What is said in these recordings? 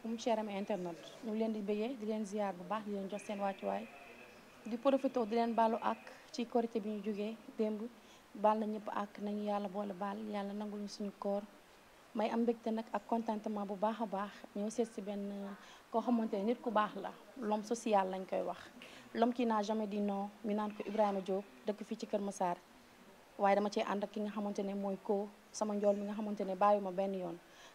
asalaamaaleykum cher am internet ñu leen di bëggee di leen ziar bu baax di leen jox seen wàccuwaay di profité di leen baalu ak ci korité bi ñu jógee démb baal na ñëpp ak nañu yàlla boole baal yàlla nangul ñu suñu koor may am mbégte nag ak contentement bu baax a baax ñoo seet si benn koo xamante ne nit ku baax la l'homme social lañ koy wax l'homme qui n'a jamais dit non ñu naan ko Ibrahima jóo dëkk fii ci Kër Massar waaye dama cee ànd ak ki nga xamante ne mooy ko sama njool mi nga xamante ne bàyyi ma benn yoon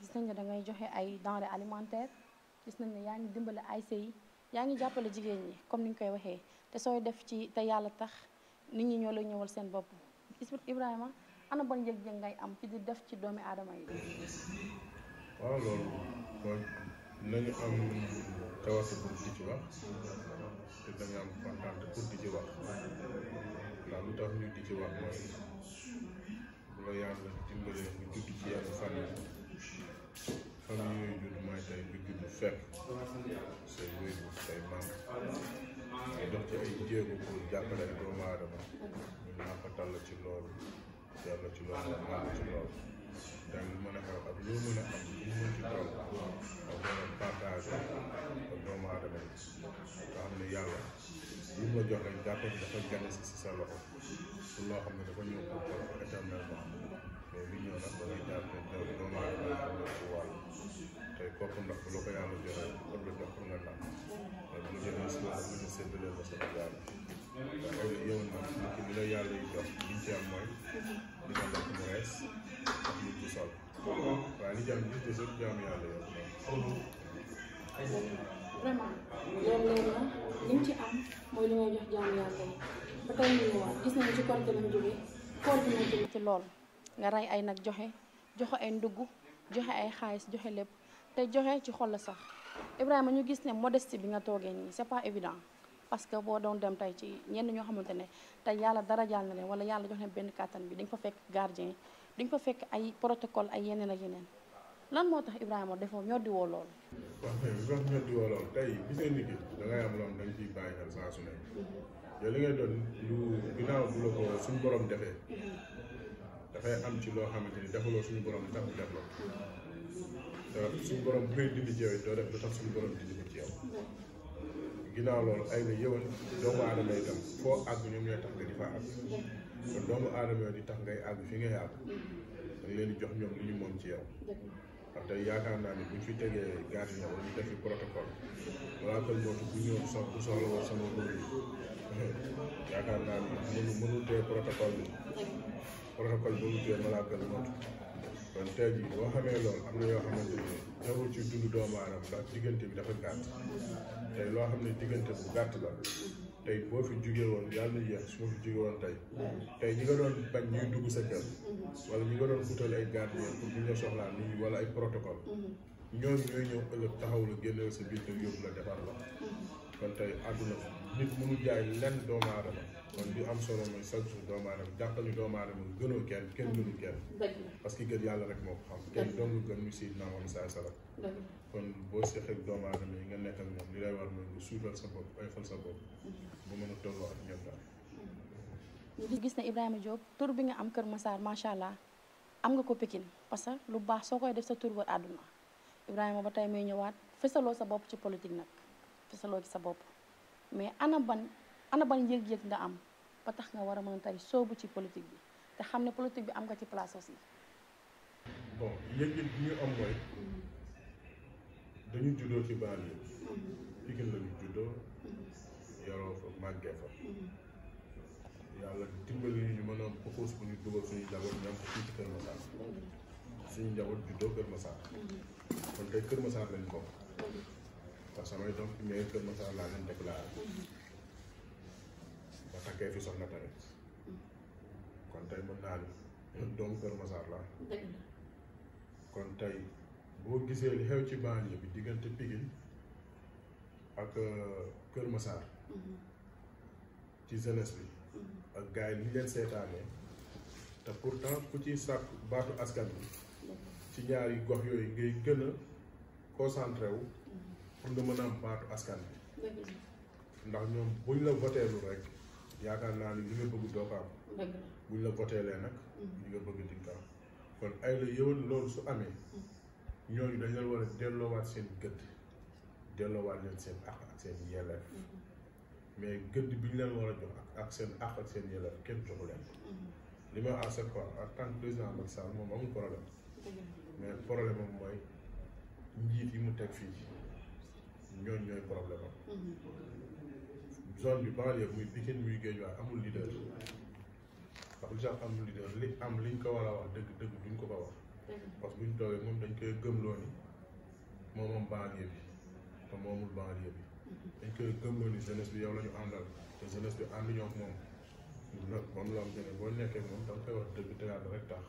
gis nañ ne dangay joxe ay denrées alimentaire gis nañ ne yaa ngi dimbale ay yi yaa ngi jàppale jigéen ñi comme ni ñu koy waxee te sooy def ci te yàlla tax nit ñi ñoo la ñëwal seen bopp Ibrahima ana ban yëg-yëg ngay am ci di def ci doomi aadama yi. nañu am tawasi pour di ci wax te dañu am kontaan pour di ci wax ndax lu tax ñu di wax mooy bu la yàlla dimbalee bu juddi xam yooyu jur mooy tey bi judd fekk say wéybu say mag dox ci ay jéego pour jàppale doomu aadama ñu naa ko tàll ci loolu yàlla ci loolu àll ci loolu tey lu mën a xew ak loo mën a am lu mën ci kaw ak mën a li ma jox rek dafa gane si sa loxo su loo xam ne dafa ñëw pour éternellement mais wi ñëw nag dañuy ñaan ne doo doo mën a wàll te kooku ndox bu la ko yàlla joxee kon la jox pour nga naan mais bu ñu demee si wàll bi ñu séddalee ba sa yàlla ndax yow yow nag nit ki bi la yàlla yi jox li ci am mooy di nga lekk mu rees ak nit bu sol waaye li jàmm gis des autres jaamu yàlla yow moom vraiment loolu leer na li mu ci am mooy li ngay jox jaamu yàlla yi ba tey ñu ñëwaat gis nañu ci koor gi lañ jógee koor gi lañ jógee ci loolu nga rey ay nag joxe joxe ay ndugg joxe ay xaalis joxe lépp te joxe ci xol la sax Ibrahima ñu gis ne modestie bi nga toogee nii c'est pas évident parce que boo doon dem tey ci ñenn ñoo xamante ne tey yàlla dara jaal na leen wala yàlla joxe leen benn kàttan bi dañ fa fekk gardien dañ fa fekk ay protocole ay yeneen a yeneen lan moo tax Ibrahima defoo ñoo di woo lool. waaw kay li di ki da am loolu da nga bàyyi xel saa su ne mhm. yow li ngay doon lu ginnaaw bu dafay am ci loo xamante ni defaloo suñu borom lu tax def la te suñu borom bu may dindi ci yow doo def lu tax suñu borom dindi ko ginnaaw loolu ay la yëwal doomu aadama yi tam foo àgg ñoom ñooy tax nga di fa àgg kon doomu aadama yi di tax ngay àgg fi ngay àgg da leen di jox ñoom lu ñu moom ci yow ndax tey yaakaar naa ni bu ñu fi tegee gardien wala ñu def fi protocole walaa koy mootu bu ñëw sox bu soxla woon sama bopp yaakaar naa ne mënu mënu tee protocole bi protocole boobu tee malaaka lu mot kon tey jii boo xamee loolu am na yoo xamante ni ñëwul ci doomu aadama ndax diggante bi dafa gàtt tey loo xam ne diggante bu gàtt la tey boo fi jugee woon yàlla na yéex su fi jugee woon tey tey ñi nga doon bañ ñuy dugg sa kër wala ñi nga doon utal ay gardien pour bu ñu soxlaa nii wala ay protocole ñooñu ñooy ñëw ëllëg taxaw la génneel sa biir kër yóbbu la defar la kon tey àdduna nit mënu jaay lenn doomu aadama kon li am solo mooy chaque jour doomu aadama jàppale doomu aadama gënoo kenn kenn gënu kenn parce que gën yàlla rek moo xam kenn gën ñu sala kon boo seqee doomu aadama yi nga nekk ak ñoom li lay war mooy suutal sa bopp oyofal sa bopp mm-hmm. bu mën ak daal mm-hmm. ñu gis Ibrahima bi nga am Kër Massar macha allah am nga ko Pikine parce que lu baax soo def sa tur wër àdduna Ibrahima ba may ñëwaat sa ci politique ci sa mais ana ban ana ban yëg-yëg nga am ba tax nga war a mën a tey soobu ci politique bi te xam ne politique bi am nga ci place aussi. bon yëg-yëg bi ñu am mooy dañu juddoo ci banlieue mm-hmm. Pikine la ñu juddoo mm-hmm. yaroo fa màggee fa mm-hmm. yàlla dimbali ñu mën a propose bu ñu dugal suñu njaboot ñu am suñu njaboot juddoo Kër Massar kon tey Kër Massar lañ ko parce que samay doom fi ñëwee Kër Masar laa leen déclaré ba takkee fi soxna tamit kon tey mën naa ni doomu Kër Masar laa kon tey boo gisee li xew ci banlieue bi diggante Pikine ak euh, Kër Masar mm-hmm. ci jeunesse bi mm-hmm. ak gars yi li leen seetaanee te pourtant ku ci sàkk baatu askan bi ci ñaari gox yooyu ngay gën a pour nga mën am baatu askan bi ndax ñoom buñ la voteelu rek yaakaar naa ni li nga bëgg doo ko am buñ la voteelee nag ñu mm. nga bëgg di ko kon ay la yëwan loolu su amee mm. ñooñu dañ leen war a delloowaat seen gëdd delloowaat leen seen àq ak seen yelleef mm-hmm. mais gëdd bi ñu leen war a jox ak seen àq ak seen yelleef kenn joxu leen mm-hmm. li ma à chaque fois en tant que président Macky Sall moom amul problème mais problème am mooy njiit yi mu teg fii ñooñu ñooy problème am. Mhm. zone bi banlieue muy Pikine muy Guédiawaye amul leader li sax li am liñ ko war a wax dëgg dëgg duñ ko ko wax. parce buñ toogee moom dañ koy gëmloo ni moom moom banlieue bi te moomul banlieue bi. Mhm. dañ koy gëmloo ni jeunesse bi yow la ñu àndal te jeunesse bi ànduñoo ak moom. loolu moom la am boo nekkee moom da koy wax dëgg te yàlla tax.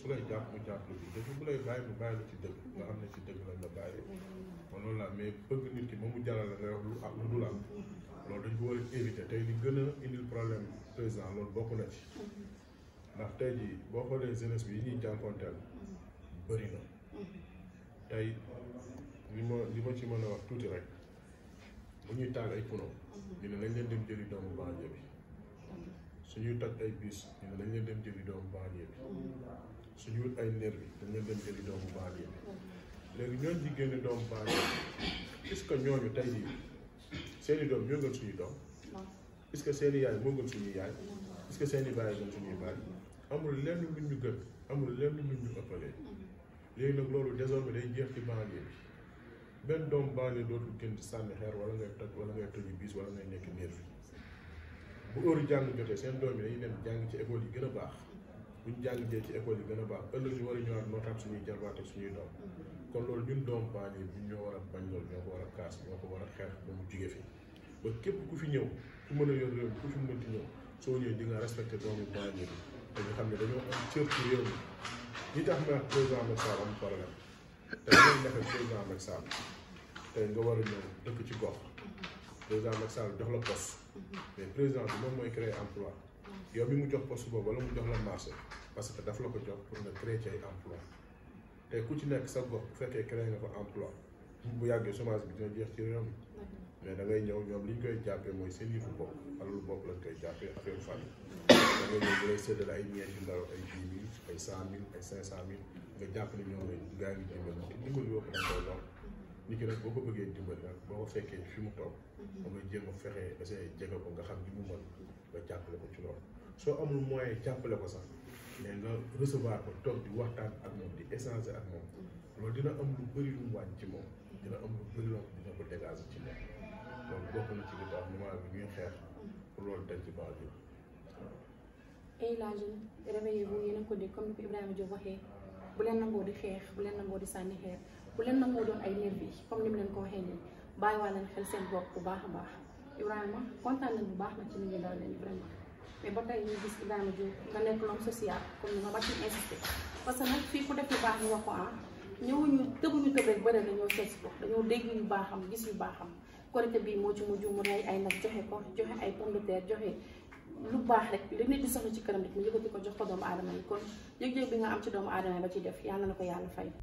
su lay jàpp mu jàpp la ci dëgg bu lay bàyyi ci dëgg nga ci dëgg lañ la bàyyi mm-hmm. loolu laa mais bëgg nit ki moom mu jaral la nga wax lu ak lu dul am mm-hmm. loolu dañ ko war a éviter tey li gën a indil problème président loolu bokk na ci mm-hmm. ndax tey jii boo xoolee jeunesse bi yi ñuy jànkonteel bëri na tey li ma li ma ci mën a wax tuuti rek bu ñuy taal ay polo ñu ne lañ leen dem jëli doomu banlieue bi suñuy toj ay bus ñu ne lañ leen dem jëli doomu banlieue bi suñu wut ay nerf yi dañu leen jëli doomu baal yi léegi ñooñu di génne doomu baal yi est que ñooñu tey jii seen i doom ñoo gën suñu doom est-ce que seen i yaay moo gën suñuy yaay est-ce que seen gën suñuy baay amul lenn luñ ñu gën amul lenn luñ ñu ëppalee léegi nag loolu désormais day jeex ci banlieue bi benn doomu banlieue dootul gën di sànni xeer wala ngay toj wala ngay toji biis wala ngay nekk nerf bu heure jàng jotee seen doom yi dañuy dem jàng ci école yi gën a baax bu ñu jàngatee ci école yi gën a baax ëllëg ñu war a ñëwaat nootaat suñuy jarbaat ak suñuy doom kon loolu ñun doom baa nii ñoo war a bañ loolu ñoo ko war a kaas ñoo ko war a xeex ba mu jige fi ba képp ku fi ñëw ku mën a yor réew ku fi mënti ñëw soo ñëwee di nga respecté doomu baa yi te xam ne dañoo am cër ci réew mi ñi tax ma wax président Macky Sall am problème te dañoo nekk président Macky Sall tey nga war a ñëw dëkk ci gox président Macky Sall jox la poste mais moom mooy créer emploi yow bi mu jox poste boobu wala mu jox la marché parce que daf la ko jox pour nga créer ay emploi te ku ci nekk sa gox bu fekkee créer nga fa emploi bu bi dina jeex ci réew mais da ngay ñëw ñoom li ñu koy mooy seen yëfu bopp alalu bopp lañ koy jàppee lay séddale ay ñeenti ndaw ay dix mille ay cent mille ay cinq cent mille nga jàpp ni ñoom gaa ngi dimbal te dimbal yoo ko da koy lool nit boo fekkee fi mu toog da ngay jéem fexe essayé ko nga xam li mu mën nga ko ci loolu soo amul moyen jàppale ko sax mais nga recevoir ko toog di waxtaan ak moom di échanger ak moom loolu dina am lu bëri lu mu wàññi ci moom dina am lu bëri loo dina ko dégager ci moom loolu ci li tax moment bi ñuy xeex ci baax jóg. ay laaj réveillé bu yéen a ko dégg comme ni ko Ibrahima Diop waxee bu leen nangoo di xeex bu leen nangoo di sànni xeer bu leen nangoo doon ay nervi comme ni mu leen ko waxee nii bàyyiwaale leen xel seen bopp bu baax a baax Ibrahima kontaan nañ bu baax na ci li ñu daal leen vraiment. mais ba tey ñu gis Ibrahima Diop nga nekk l'homme social comme ni ma ba ci insisté parce que nag fii ku def lu baax ñu wax ko ah ñëwuñu tëbuñu tëb rek bëri dañoo seet si ko dañoo dégg yu baaxam gis yu baaxam korité bii moo ci mujj mu rey ay nag joxe ko joxe ay pomme de terre joxe lu baax rek li nit di soxla ci këram rek mu ko jox ko doomu aadama yi kon yëg-yëg bi nga am ci doomu aadama yi ba ci def yàlla na ko yàlla fay.